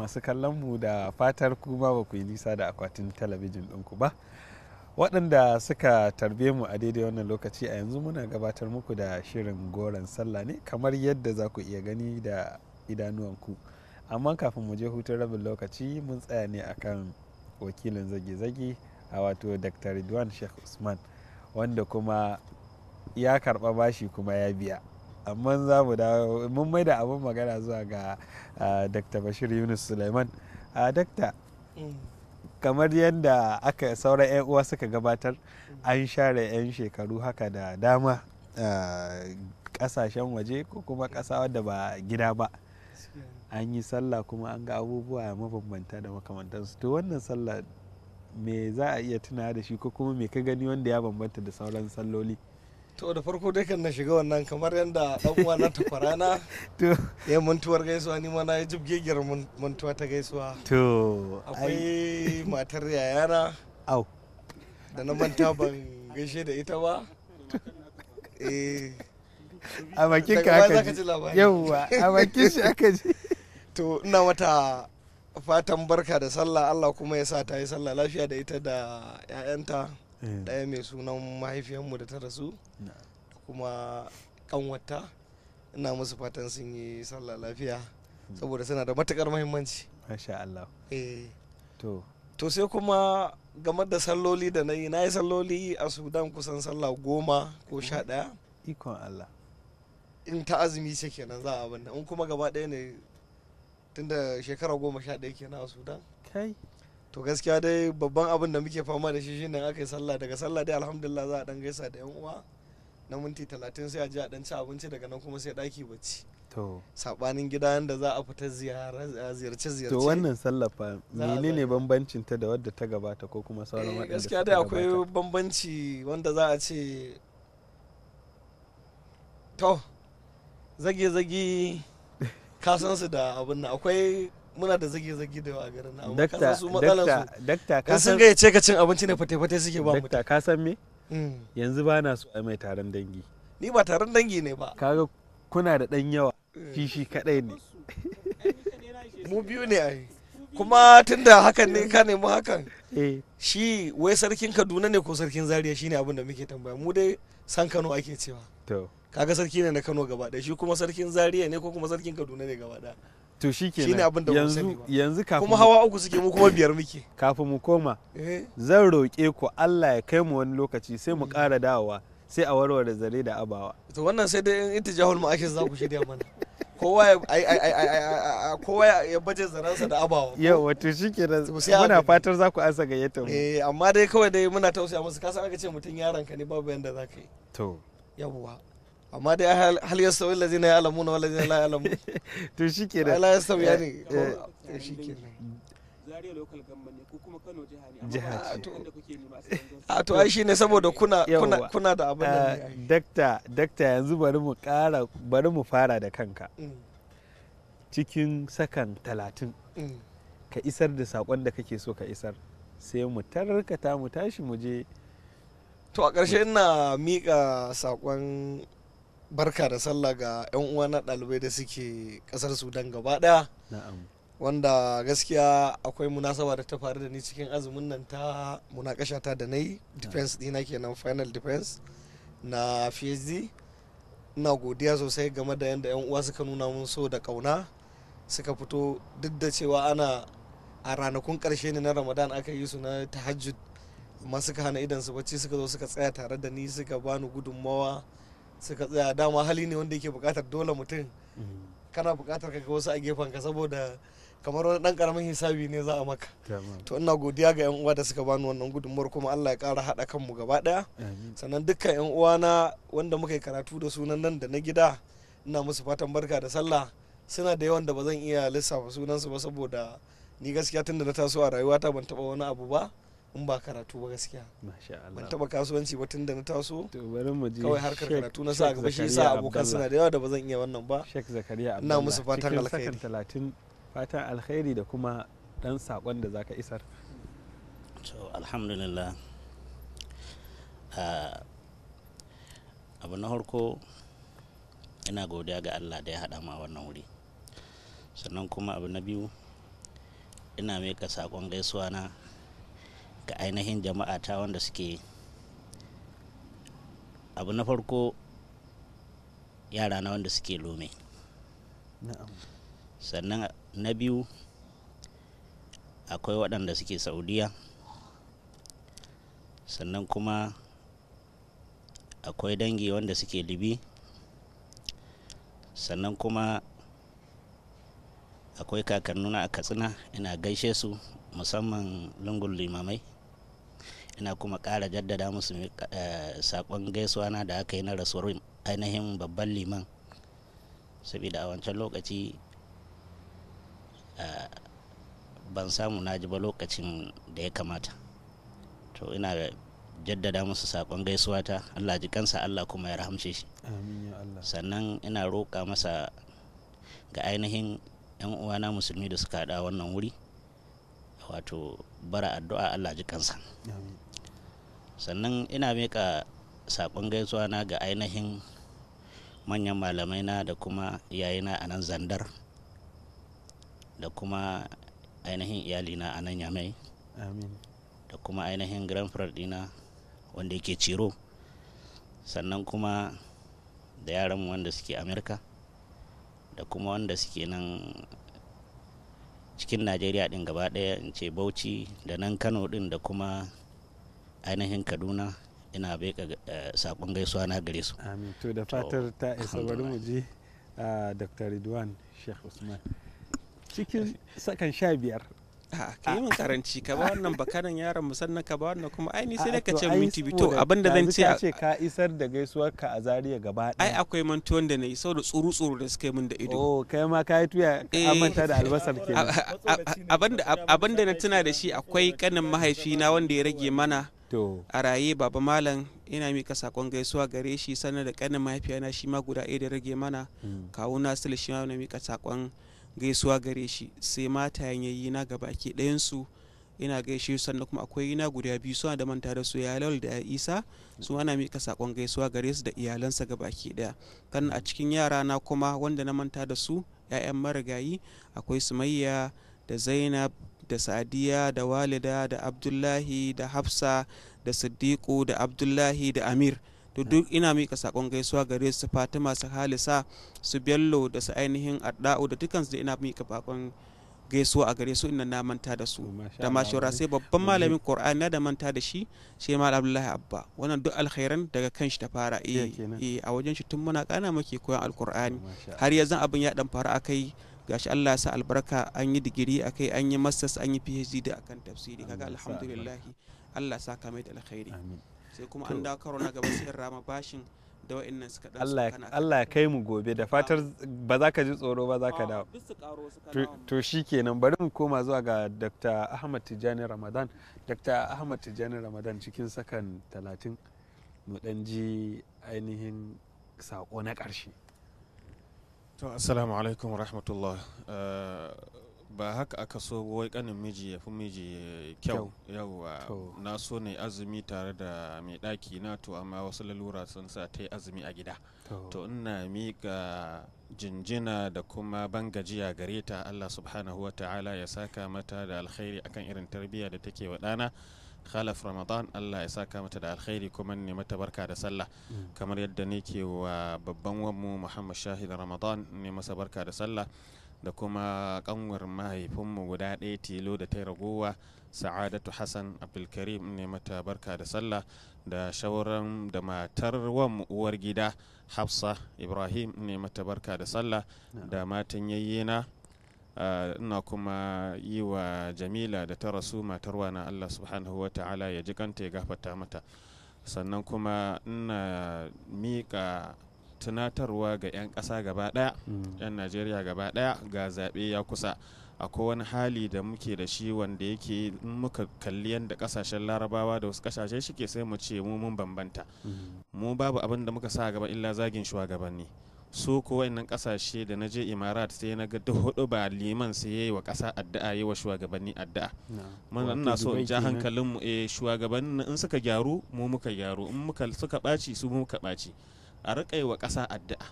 masu kallon mu da fatar kuma ba ku yi nisa da akwatin talabijin ɗinku ba waɗanda suka tarbe mu a daidai wannan lokaci a yanzu muna gabatar muku da shirin goron sallah ne kamar yadda za ku iya gani da idanuwanku amma kafin mu je hutun rabin lokaci mun tsaya ne akan wakilin zage-zage a wato dr ridwan sheikh usman wanda kuma ya karɓa bashi kuma ya biya amma za mu dawo mun mai da abin magana zuwa ga dr bashir yunus suleiman a dakta eh. kamar yadda aka saura 'yan uwa suka gabatar an share 'yan shekaru haka da dama kasashen waje ko kuma kasa wadda ba gida ba an yi sallah kuma an ga abubuwa mabambanta da makamantansu to wannan sallah me za a iya tuna da shi ko kuma me ka gani wanda ya bambanta da sauran salloli to da farko dai kan na shiga wannan kamar yadda dan uwa na ta farana to ya mantuwar gaisuwa ni ma na yi jibgegiyar mantuwa ta gaisuwa to akwai matar yayana au da na manta ban gaishe da ita ba eh a bakin ka aka ji yawwa a bakin shi aka ji to ina mata fatan barka da sallah Allah kuma ya sa ta yi sallah lafiya da ita da 'ya'yanta daya eh. mai sunan mahaifiyarmu da ta rasu da kuma kanwata ina musu fatan sun yi sallah lafiya hmm. saboda suna da matukar mahimmanci masha Allah eh. to to sai kuma game da salloli da na yi na yi salloli a sudan kusan sallah goma ko sha daya hmm. ikon Allah in ta azumi ce kenan za a abin in kuma gaba daya ne tunda shekara goma sha daya kenan a sudan kai to gaskiya dai babban abin da muke fama da shi shine aka yi sallah daga sallah dai alhamdulillah za a dan gaisa da yan uwa na minti talatin sai a je a dan ci abinci daga nan kuma sai daki bacci to sabanin gida da za a fita ziyara ziyarce ziyarce to wannan sallah fa menene bambancin ta da wadda ta gabata ko kuma sauran eh, wadanda gaskiya dai akwai bambanci wanda za a ce to zage zage kasansu da abin nan akwai muna da zage-zage da yawa a garin nan dakta su dakta ka san ga ce ka cin abinci ne fate-fate suke ba mu dakta ka san me mm. yanzu ba na so mai taron dangi ni ba taron dangi ne ba kaga kuna da dan yawa eh. fishi kadai ne mu biyu ne ai kuma tunda hakan ne ka nemi hakan eh. shi wai sarkin kaduna ne ko sarkin zaria shine abin da muke tambaya mu dai san kano ake cewa kaga sarki ne na kano gaba shi kuma sarkin zaria ne ko kuma sarkin kaduna ne gaba ɗaya to shi ke yanzu yanzu kafin kuma hawa uku suke mu kuma biyar muke kafin mu koma eh. zan roƙe ku Allah ya kai mu wani lokaci sai mu ƙara dawowa sai a warware zare da abawa to wannan sai dai in intijahul ma'ashin za ku shirya mana kowa ya kowa ya baje zaransa da abawa yawa to nan muna fatar za ku ansa gayyata mu eh amma dai kawai dai muna tausaya musu kasan aka ce mutum yaranka ne babu yanda za ka yi to yawwa amma dai hal ya sauyi lazina ya alamu na walazina la ya alamu to shi ke da ya ya ne to eh, shi ke zariya local government ko kuma kano jiha ne a to ai ne saboda kuna kuna da abin da eh, dakta dakta yanzu bari mu kara bari mu fara da kanka mm. cikin sakan talatin mm. ka isar da sakon da kake so ka isar sai mu tarkata mu tashi mu je to a ƙarshe ina miƙa sakon barka da sallah ga 'yan uwa na dalibai da suke kasar sudan gaba daya. wanda gaskiya akwai munasaba da ta faru da ni cikin azumin nan ta munakasha ta da na yi defense dina kenan final defense na phd ina godiya sosai game da yadda 'yan uwa suka nuna mun so da kauna. suka fito duk da cewa ana a ranakun karshe ne na ramadan aka yi su na tahajjud amma suka hana idan su bacci suka zo suka tsaya tare da ni suka bani gudunmawa suka tsaya dama hali ne wanda yake bukatar dole mutum kana bukatar kaga wasu a gefen ka saboda kamar wani dan karamin hisabi ne za a maka to ina godiya ga yan uwa da suka bani wannan gudunmuwar kuma Allah ya kara haɗa kanmu gaba daya sannan dukkan yan uwa na wanda muka yi karatu da sunan nan da na gida ina musu fatan barka da sallah suna da yawan da ba zan iya lissafa sunansu ba saboda ni gaskiya tun da na taso a rayuwata ban taɓa wani abu ba in ba karatu ba gaskiya ban taba kasuwanci ba tun da na taso kawai harkar karatu na sa gaba shi sa abokan suna da yawa da ba zan iya wannan ba ina musu fatan alkhairi talatin fatan alkhairi da kuma dan sakon da zaka isar to alhamdulillah ah, abu na harko ina godiya ga Allah da ya hada ma wannan wuri sannan kuma abu na biyu ina miƙa sakon gaisuwa na ga ainihin jama'a ta wanda suke abu na farko yara na wanda suke lome sannan na biyu akwai waɗanda suke saudiya sannan kuma akwai dangi wanda suke libi sannan kuma akwai kakannuna a katsina ina gaishe su musamman lungun limamai ina kuma ƙara jaddada musu eh, saƙon gaisuwa na da aka yi na rasuwar ainihin babban liman saboda a wancan lokaci eh, ban samu na ji ba lokacin da ya kamata to ina jaddada musu saƙon gaisuwa ta allah ji kansa allah kuma ya rahamce shi sannan ina roƙa masa ga ainihin 'yan uwana musulmi da suka haɗa wannan wuri wato bara addu'a Allah ji kansa sannan ina mika sakon gaisuwa na ga ainihin manyan malamai na da kuma iyayena a nan zandar da kuma ainihin iyalina a nan yamai da kuma ainihin grandfather dina wanda yake ciro sannan kuma da yaranmu wanda suke amerika da kuma wanda suke nan cikin najeriya din gaba daya in ce bauchi da nan kano din da kuma ainihin kaduna ina beka eh, sakon gaisuwa na gare su amin to da fatar ta isa bari mu ji ah, dr ridwan sheikh usman cikin sakan sha biyar ka ah. yi min karanci ka ba wannan bakanan yaron musannan ka ba wannan kuma ai ni sai ah, da ka ce minti bito abinda zan ce a ce ka isar da gaisuwar ka a zariya gaba ɗaya ai akwai mantuwan da nayi saboda tsuru tsuru da suka yi min da ido oh kai ma ka yi tuya ka eh. manta da albasar ke abinda abinda na tuna da shi akwai kanin mahaifi na wanda ya rage mana a raye baba malam ina mika sakon gaisuwa gare shi sannan da kanin mahaifiyana shi ma guda ɗaya da rage mana hmm. kawo nasiru shi ma na mika sakon gaisuwa gare shi sai ya yi na gabaki ɗayansu ina gaishe su sannan kuma akwai yi na guda biyu suna da manta da su ya da isa su ana mika sakon gaisuwa gare su da iyalansa ke ɗaya kan a cikin yara na kuma wanda na manta da su 'ya'yan marigayi akwai sumayya da zainab da sadiya da walida da abdullahi da hafsa da siddiqu da abdullahi da amir to duk ina mika sakon gaisuwa gare su Fatima su Halisa su Bello da su ainihin Adda'u da dukkan su ina mika bakon gaisuwa a gare su ina na manta da su da mashura sai babban malamin Qur'ani na da manta da shi shi mal Abdullahi Abba wannan duk alkhairan daga kan shi ta fara eh, eh a wajen shi tun muna kana muke koyon alkur'ani har yanzu abin ya dan fara akai gashi Allah ya sa albarka an yi digiri akai an yi masters an yi PhD da akan tafsiri kaga alhamdulillah Allah ya saka mai da alkhairi sai kuma an da karo na gaba sai rama bashin da wa'annan suka dan Allah Allah ya kai mu gobe da fatar ba za ka ji tsoro ba za ka dawo to shikenan bari mu koma zuwa ga Dr. Ahmad Tijani Ramadan Dr. Ahmad Tijani Ramadan cikin sakan 30 mu dan ji ainihin sako na ƙarshe to assalamu alaikum rahmatullah eh, ba haka aka so wai kanin miji ya fi miji kyau yauwa na so ne azumi tare da mai ɗaki na to amma wasu lalura sun sa ta yi azumi a gida to ina miƙa jinjina da kuma ban gajiya gare ta allah subhanahu wa ta'ala ya saka mata da alkhairi akan irin tarbiyya da take wa ɗana khalaf ramadan allah ya saka mata da alkhairi kuma ne mata barka da sallah mm. kamar yadda nake wa babban wanmu muhammad shahid ramadan ne masa barka da sallah da kuma kanwar mahaifinmu guda ɗaya tilo da ta ragowa sa'adatu hassan abdulkarim ne mata barka da sallah da shauran da matar wan uwar gida hafsa ibrahim ne mata barka da sallah da matan yayyena ina kuma yi wa jamila da ta rasu matar na allah subhanahu wa ta'ala ya ji kanta ya gafata mata sannan kuma ina miƙa tunatarwa ga 'yan ƙasa gaba ɗaya 'yan mm. najeriya gaba ɗaya ga zaɓe ya kusa akwai wani hali da muke da shi wanda yake in muka kalli yadda ƙasashen larabawa da wasu ƙasashe suke sai mu ce mu mun bambanta mm. mu babu abin da muka sa gaba illa zagin shugabanni su ko wayannan ƙasashe da na je imarat sai na ga duk hudu ba liman sai yayi wa ƙasa addu'a yi wa shugabanni addu'a mun ina so in ja hankalin mu eh shugabannin in suka gyaru mu muka gyaru in muka suka baci su mu muka ɓaci. a riƙa wa ƙasa addu'a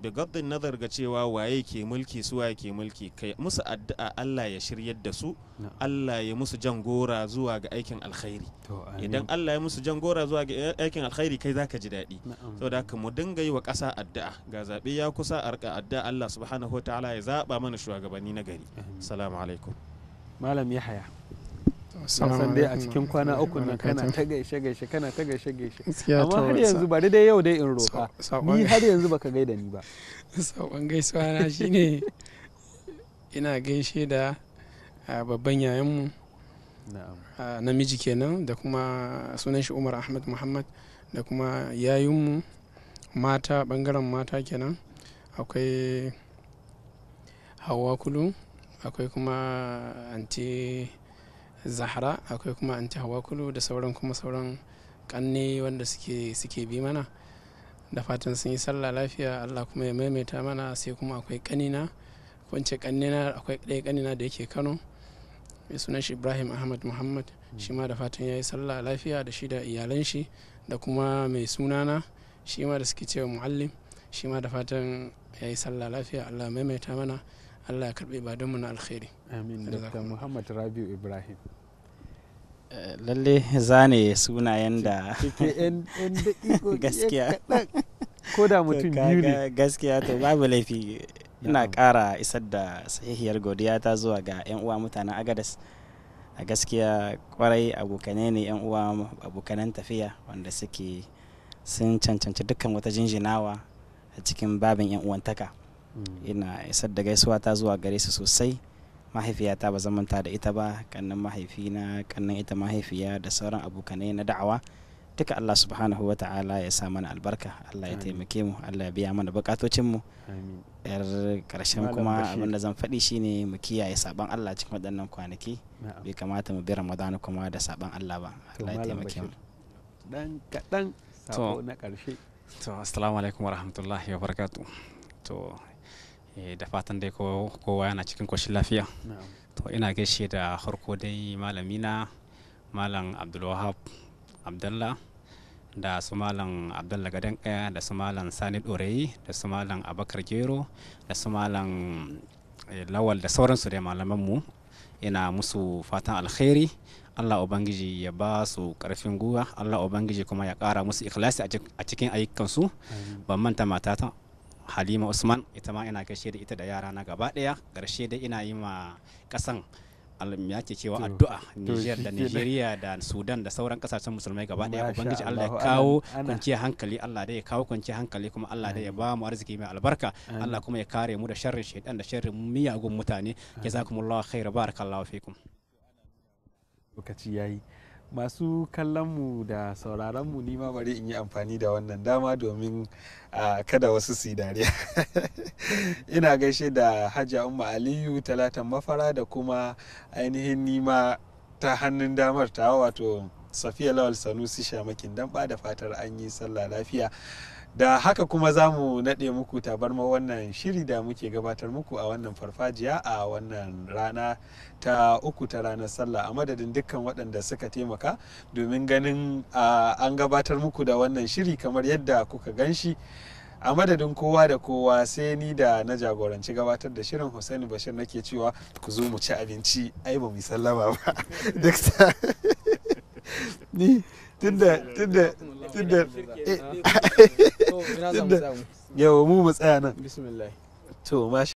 bigaddin nazar ga cewa waye ke mulki su ke mulki kai musu addu'a Allah ya shiryar da su Allah ya musu jan gora zuwa ga aikin alkhairi idan Allah ya musu jan gora zuwa ga aikin alkhairi kai zaka ji daɗi saboda haka mu dinga yi wa ƙasa addu'a ga zaɓe ya kusa a riƙa addu'a Allah subhanahu wataala ya zaɓa mana shugabanni na gari assalamu alaikum malam yahaya san dai a cikin kwana uku nan kana ta gaishe gaishe kana ta gaishe gaishe amma har yanzu ba dai yau dai in roka ni har yanzu baka gaida ni ba sabon gaisuwa na shine ina gaishe da babban yayanmu namiji kenan da kuma sunan shi umar ahmad muhammad da kuma yayinmu mata bangaren mata kenan akwai hawa kulu akwai kuma anti zahra akwai kuma anti Kulu da sauran kuma sauran kanne wanda suke suke bi mana da fatan sun yi sallah lafiya allah kuma ya maimaita mana sai kuma akwai kanina kwance kanina akwai ɗaya kanina da yake kano mai sunan shi ibrahim ahmad muhammad shi ma da fatan ya yi sallah lafiya da shi da iyalan shi da kuma mai sunana shi ma da suke cewa muallim shi ma da fatan ya yi sallah lafiya allah maimaita mana allah ya karɓi ba alkhairi amin dr muhammad rabiu ibrahim eh, lalle zane sunayen da gaskiya ko da mutum biyu ne gaskiya to babu laifi ina kara isar da sahihiyar godiya ta zuwa ga 'yan uwa mutanen agadas a gaskiya kwarai abokane ne 'yan uwa abokanan tafiya wanda suke sun cancanci dukkan wata jinjinawa a cikin babin 'yan uwantaka ina isar da gaisuwa ta zuwa gare su sosai mahaifiyata ba zamanta da ita ba kannan mahaifina kannan ita mahaifiya da sauran abokanai na da'awa duka Allah subhanahu wa ta'ala ya sa mana albarka Allah ya taimake mu Allah ya biya mana bukatocin mu yar karshen kuma abinda zan faɗi shine mu kiyaye saban Allah cikin waɗannan kwanaki bai kamata mu bi Ramadan kuma da saban Allah ba Allah ya taimake mu dan kadan sabo na karshe to assalamu alaikum warahmatullahi wabarakatuh to Eh, da fatan dai kowa yana cikin koshin lafiya to ina gaishe da harko dai malamina malam abdulwahab abdalla da su malam abdalla gadan kaya da su malam sani dorayi da su malam abakar gero da su malam eh, lawal da sauransu dai malamanmu ina musu fatan alkhairi Allah Ubangiji ya ba su ƙarfin guwa Allah Ubangiji kuma ya kara musu ikhlasi a cikin ayyukansu ban manta matata halima usman ita ma ina gaishe da ita da yara na gaba daya karshe da ina yi ma kasan ya ke cewa addu'a Niger da Nigeria da Sudan da sauran kasashen musulmai gaba daya ubangiji Allah ya kawo kwanciyar hankali Allah da ya kawo kwanciyar hankali kuma Allah da ya ba mu arziki mai albarka Allah kuma ya kare mu da sharrin shaitan da sharrin miyagun mutane jazakumullahu khair barakallahu fikum lokaci yayi masu kallonmu da sauraronmu ni ma bari in yi amfani da wannan dama domin kada wasu su dariya ina gaishe da hajja umma aliyu talatan mafara da kuma ainihin nima ta hannun damar ta wato safiya lawal sanusi shamakin damba da fatar an yi sallah lafiya da haka kuma za mu naɗe muku tabarma wannan shiri da muke gabatar muku a wannan farfajiya a wannan rana ta uku ta ranar sallah a madadin dukkan waɗanda suka taimaka domin ganin an gabatar muku da wannan shiri kamar yadda kuka gan shi a madadin kowa da kowa sai ni da na jagoranci gabatar da shirin Hussaini Bashir nake cewa ku zo mu ci abinci ai ba mu sallama ba duk ni tunda tunda tunda to ina mu tsaya mu tsaya nan bismillah to